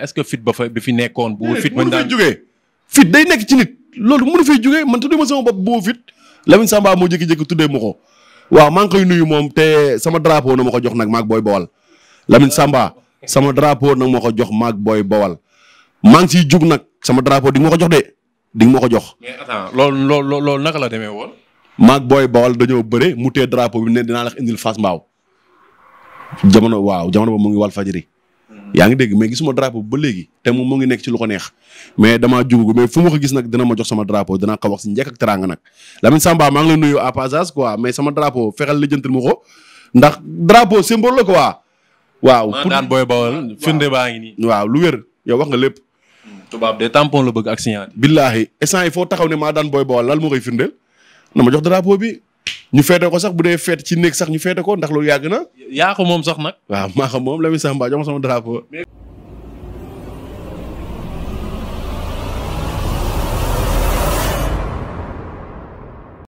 est-ce que fit ba fa bi fi nekkoon. bu fit mën daan jugee fit day nekk ci nit. loolu mënu fay jugee man tuddee ma sama bopp boo fit Lamine Samba moo jékki-jékki tuddee ma ko waaw maa ngi koy nuyu moom te sama drapeau na ma ko jox nag maag booy bawal Lamine Samba sama drapeau nag ma ko jox maag booy bawal maa ngi ciy jug nag sama drapo di nga ma ko jox de di nga ma ko jox. lool attends loolu la demee woon. maag booy da dañoo bëre mu tee drapeau bi ne dinaa la indil Fass Mbao jamono waaw jamono boobu mu ngi wal fajiri yaa ngi dégg mais gisuma drapeau ba léegi te moom moo ngi nekk ci lu ko neex mais damaa jugu mais fu ma ko gis nag dina ma jox sama drapeau dinaa ko wax si njëkk ak teraanga nag Lamine Samba maa la nuyu à passage quoi sama drapeau fexeel lijjantil ma ko ndax drapeau symbole la quoi. waaw maa daan booy bawal firnde baa ngi nii. waaw lu wér yow wax nga lépp. tubaab de tampon la bëgg ak signature. billaahi instant il faut taxaw ne maa daan booy bawal lal moo koy firndeel na ma drapeau bi. ñu feete ko sax bu dee feete ci néeg sax ñu feete ko ndax loolu yàgg na. yaa ko moom sax nag. waaw maa ko moom Lamine Samba jox ma sama drapeau.